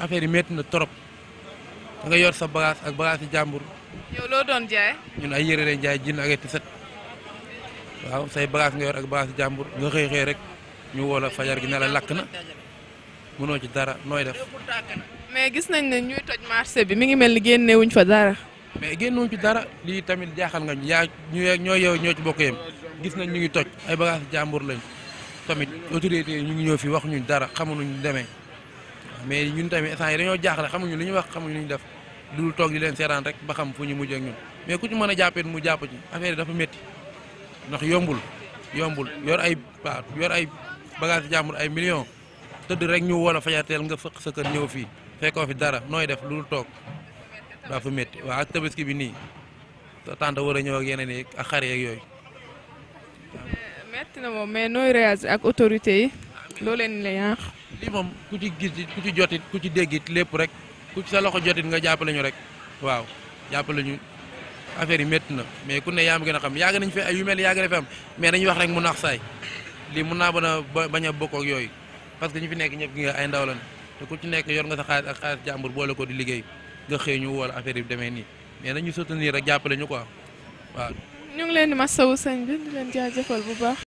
affaire yi métti na trop da nga yor sa bagage ak bagage yi jàmbur. yow loo doon jaay. ñun ay yére lañ jaay jinn ak tiset waaw say bagaas nga yor ak bagage yi jàmbur nga xëy xëy rek ñu woo fajar gi ne la lakk na mënoo ci dara nooy def. mais gis nañ ne ñuy toj marché bi mi ngi mel ni génnewuñ fa dara. mais génnewuñ ci dara lii tamit jaaxal nga ñu yaa ñoo yow ñoo ci bokk yem gis nañ ñu ngi toj ay bagaas jàmbur lañ tamit autorité yi ñu ngi ñëw fi wax ñu dara xamuñu demee. mais ñun tamit instant yi dañoo jaaxle xamuñu lu ñu wax xamuñu lu ñu def dul toog di leen seeraan rek ba xam fu ñu mujj ak ñun mais ku ñu mën a jàppee mu jàpp ci affaire yi dafa métti ndax yombul yombul yor ay yor ay bagage jàmbur ay millions tëdd rek ñu wala fajateel nga fëq sa kër ñëw fii fekkoo fi dara nooy def lu dul toog dafa métti waaw ak tabaski bi nii sa war a ñëw ak yeneen yi ak xar yooyu. métti na moom mais nooy réagir ak autorité yi loo leen la lii moom ku ci gis it ku ci jotit ku ci déggit lépp rek ku ci sa loxo jotit nga jàppale ñu rek waaw jàppale ñu affaire yi métti na mais ku ne yaa ma gën a xam yàgg nañ fi ay yu mel yàgg na fi am mais dañuy wax rek mu nax lii mun naa bana bañ a bokk ak yooyu parce que ñu fi nekk ñëpp gi nga ay ndaw lañ te ku ci nekk yor nga sa xaalis ak xaalis jàmbur boole ko di liggéey nga xëy ñu wala affaire yi demee nii mais nañu soutenir rek jàppale ñu quoi waaw ñu ngi leen di masawu sëñ bi di leen jaajëfal bu baax